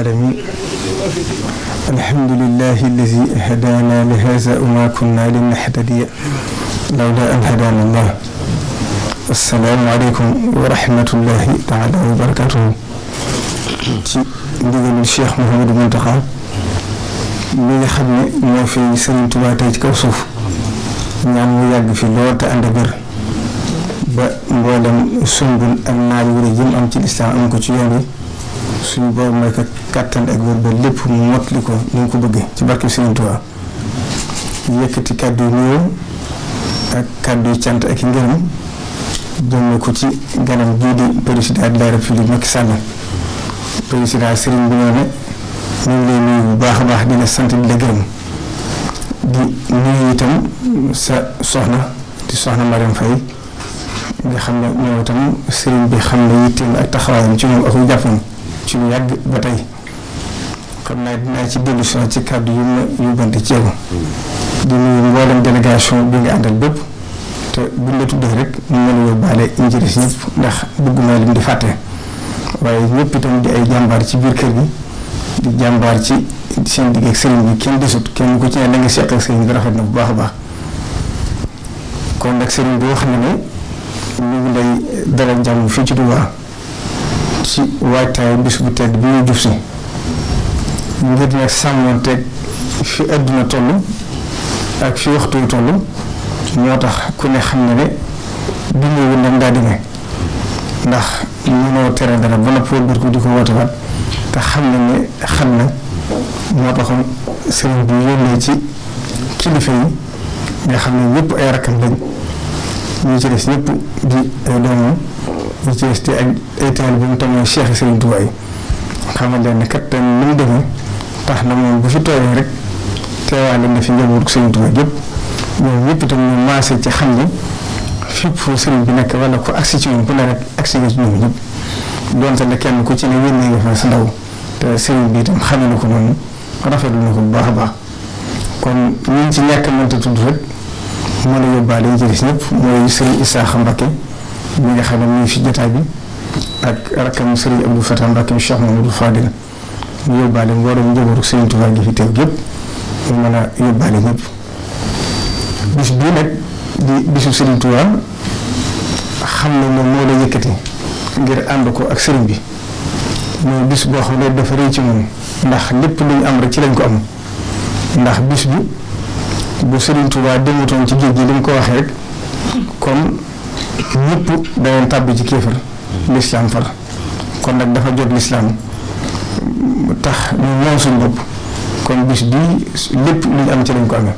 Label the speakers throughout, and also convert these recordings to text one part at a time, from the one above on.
Speaker 1: العالمين الحمد لله الذي هدانا لهذا وما كنا لنهتدي لولا ان هدانا الله السلام عليكم ورحمه الله تعالى وبركاته ديغ الشيخ محمد منتقى ميغا خامي مو في سيرن توبا تاي كاو سوف نيام مو ياغ في لوتا اند بير با مبولم سونغول ان نار وري جيم ام تي في ام كو تي يوني suñu borom may ko kàttan ak wér ba lépp mu mottali ko ni mu ko bëggee ci barke Sëriñ Tuubaa yëkkati kàddu yu nuyoo ak kàddu cant ak i ko ci ganam bii di ñu ngi lay nuyu baax a dina sant di la gërëm di nuyu di soxna Mariam Faye nga xam ne ñoom tam Serigne bi xam ne yitteem ak taxawaayam ci moom ak jàppam ci lu yàgg ba tey xam naa dinaa ci dellu si ci kàddu yu ma yóbbante ci yow di nuyu mboolem délégation bi nga àndal bépp te buñ la tuddee rek ñu mën a yóbbaale njëriñ si ndax bëgguma lim di fàtte waaye ñëpp itam di ay jàmbaar ci biir kër gi di jàmbaar ci seen digg ak sëriñ bi kenn desut kenn ku ci ne da ngi seq ak sëriñ bi rafet na bu baax a baax kon nag sëriñ bi xam na ne ñu ngi lay dalal jàmm fii ci Touba. ci waajtaay bis bu tedd bi ñu jub si ngir nag sàmmanteeg fi àdduna toll ak fi waxtu wi ñoo tax ku ne xam na ne bi ñu wëndam daa demee ndax mënoo tere dara ba noppoo biir ko di ko woote te xam na ne xam na moo taxoon sëriñ bi yónnee ci kilifa yi nga xam ne ñëpp ay rakkam lañ ñu ci des ñëpp di ay doomam ñi ci des te ak ay taalibeem tamit Cheikh Serigne Touba yi xamal leen ne kat ren ni mu demee tax na moom bu fi toogee rek teewaale na fi njabootu Serigne Touba yëpp ñëpp itam ñu ci xam ne fépp fu Serigne bi nekk wala ko agsi ci moom ku ci ñoom ñëpp donte ne kenn ku ci ne yéen sa ndaw te Serigne bi itam xame na ko noonu rafetlu na ko bu baax a baax kon ñi ci nekk mënta tudd rek mën a yóbbaale yi ci des ñëpp mooy Serigne Issakha Mbacké ñi nga xam ne ñu ngi fi jotaay bi ak rakkam Serigne Abdou Fatah Mbacké Cheikh Mamadou Fadil ñu yóbbaale mboolem njabootu Serigne Touba gi fi teew gépp ñu mën a yóbbaale xam ne moom moo la yëkkati ngir ànd ko ak sëriñ bi mooy bis boo xam ne dafa rëy ci moom ndax lépp lu ñu am rek ci lañ ko am ndax bis bi bu Serigne Touba demutoon ci géej gi li mu ko waxee rek ñëpp dañoo tàbbi ci kéefar lislaam far kon nag dafa jot lislaam tax ñu moom suñu bopp kon bis bii lépp lu am ci lañ ko amee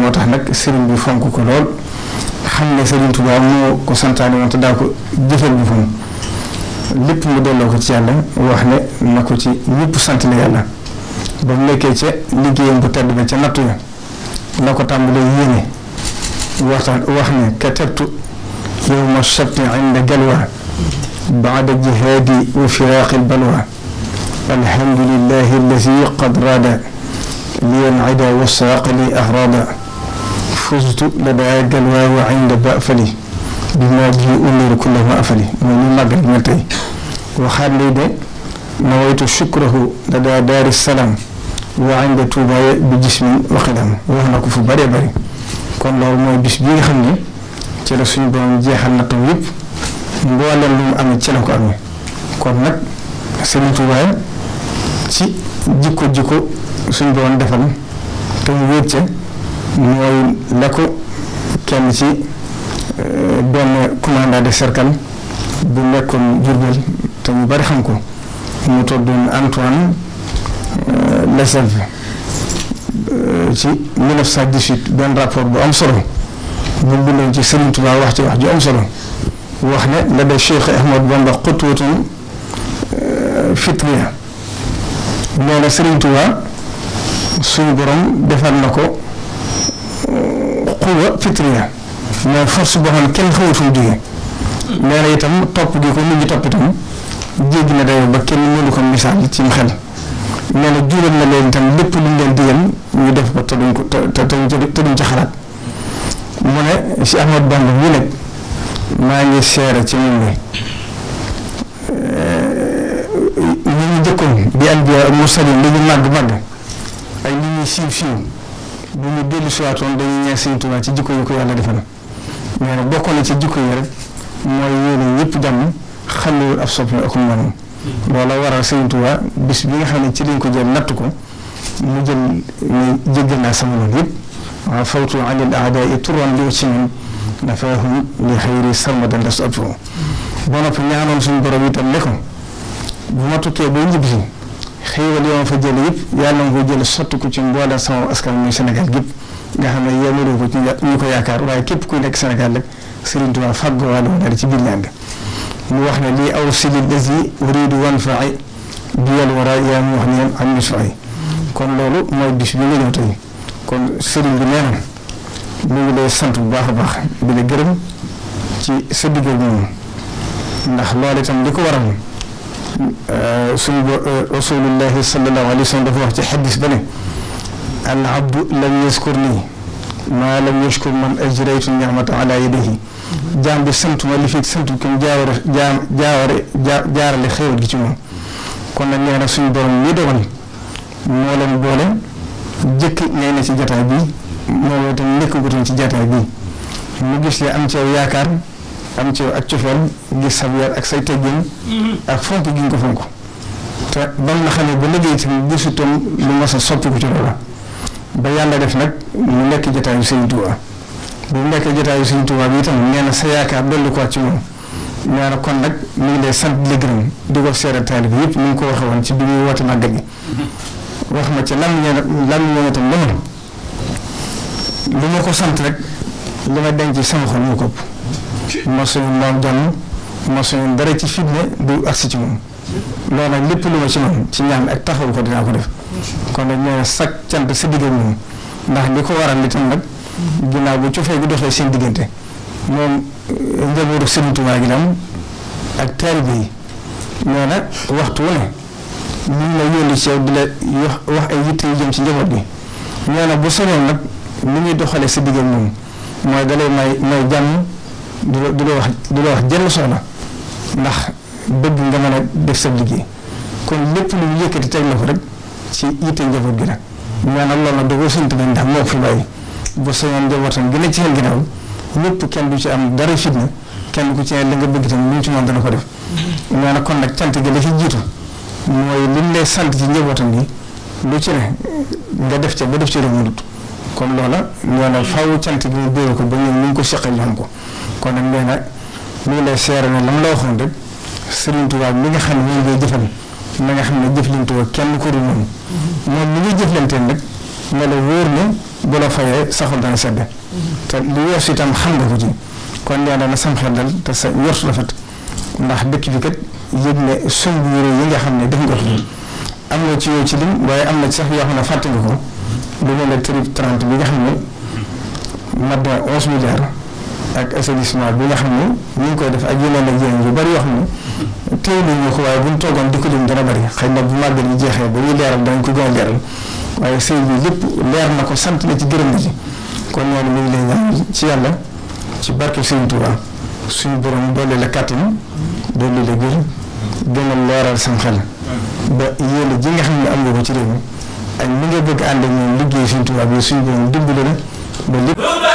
Speaker 1: moo tax nag sëriñ bi fonk ko lool xam ne sëriñ Tuubaa moo ko santaane woon te daa ko jëfal bu fam lépp mu delloo ko ci yàlla wax ne na ko ci ñëpp sant yàlla ba mu nekkee ca liggéeyam bu tedd ba ca nattu ya la ko tàmbalee yéene waxtaan wax ne ka tegtu يوم السبت عند جلوى بعد الجهاد وفراق البلوى الحمد لله الذي قد راد لينعد وساق لي أهراد فزت لدى جلوى وعند بأفلي بما جيء النور كل ما أفلي من المغرب متي وخال لي نويت شكره لدى دار السلام وعند توباي بجسم وقدم وهنا كفو بري بري كون لو ما بيش بيغي ci suñ suñu borom jeexal na tam yëpp mboolem lu mu amee ci ko amee kon nag Sëriñ Tuubaa ci jikko jikko suñu borom defal te mu wéet ca mooy la ko kenn ci euh, benn commandant de cercle bu nekkoon Jurbel mu bari xam ko mu tuddoon Antoine euh, Leselve euh, ci 1918 benn rapport bu am solo ñu bindoon ci Serigne Touba wax ci wax ju solo wax ne la de Cheikh Ahmad Bamba xutwatun euh, fitriya nee na Serigne Touba suñu borom defar na ko euh, xuba fitriya mais force boo xam ne kenn xamul fu mu jógee nee na itam topp gi ko nit ñi topp itam jéggi na dayoo ba kenn mënu ko misaal ci xel. nee na jural na leen itam lépp lu ñu leen digal ñu def ko te duñ ko te te duñ ca xalaat. mu ne si Ahmad Bamba mu nekk maa ngi seere ci moom ne eh, ñu mu jëkkoon di anbiya ak mursalin li mu màgg màgg ay li ñuy siiw siiw bu ñu dellu si waatoon dañuy ñeex Sëñ Tuubaa ci jikko yi ko yàlla defe na mais nag bokkoon na ci jikko yi rek mooy yéene ñëpp jàmm xaluwul ab soppi ak moom loola waral Sëñ Tuubaa bis bi nga xam ne ci lañ ko jël natt ko mu jël ñu jéggal naa sama noonu yëpp waa fawtu an il aadaai turan li uccimin nafaahum li xayri sarmadan las abtu ba noppi ñaanoon suñu borom itam ne ko bu ma tukkee boo ñibbisi xéewal yoo ma fa jële yëpp yàlla nga ko jële ko ci mboolem sama askan muy Sénégal gépp nga xam ne yemaloo ko ci ko yaakaar waaye képp kuy nekk Sénégal rek Serigne Touba fàggoo wàllu ci biir ñàng mu wax ne lii aw sili lesi uridu wan faxi bi yàlla war a yaa mu wax ne am kon loolu mooy bis bi nga ñëw kon sëriñ bi nee na ñu ngi lay sant bu baax a baax di la gërëm ci sa digal moom ndax loolu itam li ko waral euh, suñu euh, rasulullahi sallallahu alayhi wa sallam dafa wax ci xaddis ba ne al abdu lam yaskur nii maa lam yashkur man ajraytu nicmata ala yadihi jaam bi sant ma li fi sant ko jaaware jaam jaaware jaarale xéewal gi ci moom kon nag nee na suñu borom ñi dogal moo leen boole. jëkk ngay ne ci jataay bi moom itam nekkagutoon ci jataay bi mu gis li am ci yaakaar am ci ak cofeel gis sa yar ak say teggin ak fonk gi nga ko fonk te bam na xamee ba liggéey itam gisutoon lu mas a soppiku ci loola ba yàlla def nag mu nekk jataayu Sëriñ Tuubaa bu nekk jataayu Sëriñ Tuubaa bi itam nee na sa yaakaar dolli ko ci moom nee na kon nag mu ngi lay sant di la gërëm di ko seere taalib yëpp ni nga ko waxee woon ci bi muy woote màggal gi wax ma ci lan ngeen lan ngeen ma ko sant rek li ma denc sama xol moo ko ëpp mosuñu moom jàmm mosuñu dara ci fitne du agsi ci moom loolu nag lépp lu ma ci moom ci ñaan ak taxawu ko dinaa ko def kon nag nee na sag cant sa diggante moom ndax li ko waral li tam nag ginnaaw bu cofee gi doxee diggante moom njabootu Sëriñ Tuubaa gi tam ak taalibe yi nee na waxtu wu ñu ngi lay yónni ci yow du la wax ay yitte yu jëm ci njaboot bi nee na bu sonoon nag ni muy doxalee sa diggam moom mooy dalay may may jàmm du la du la wax du la wax jënd soxna ndax bëgg nga mën a def sa liggéey kon lépp lu ñu yëkkati teg na ko rek ci yitte njaboot gi nag na loolu nag da koo sant nañ ndax moo fi bàyyi bu sonoon njabootam gën a ci xel ginnaaw lépp kenn du ci am dara fitna kenn ku ci ne la nga bëgg tam mu mu ci mën dana ko def mm-hmm. nee kon nag cant gi la ci jiitu. mooy mu lay sant ci njabootam gi lu ci ne nga def ca ba def ca lu mu dut kon loola nee na faaw cant gi mu béyoon ko ba ñoom ñu ngi ko seqal ñu xam ko kon nag nee na ñu ngi lay seere ne la mu la waxoon rek Serigne nga xam ne moom nga xam ne jëflante woo kenn ku moom moom li nga jëflanteel nag ne la wóor ne bu la fayee saxul dana sedd te lu weesu xam nga ko ci kon nee na na sam xel dal te sa yor rafet. ndax dëkk bi kat yëg ne sumb yu yi nga xam ne def nga am na ci ci lim waaye am na ci sax yoo xam ne fàtte nga ko lu mel ne trip 30 bi nga xam ne mat na 11 milliards ak assainissement bi nga xam ne ñu ngi koy def ak yeneen ak yeneen yu bari yoo xam ne teew nañu waaye bu ñu toogoon di ko lim bari xëy na bu màggal yi jeexee ba ñuy leeral dañ ko gën a leeral waaye sëy bi lépp leer na ko sant na ci gërëm na ci kon ñooñu ñu ngi lay ñaan ci yàlla ci barke si Tuubaa suñu borom dolli la kàttan dolli la gër gën a leeral seen xel ba yéen ji nga xam ne am nga ko ci réew mi ak ni nga bëgg ànd ak ñoom liggéey suñu tubaab yi suñu borom dimbali la ba lépp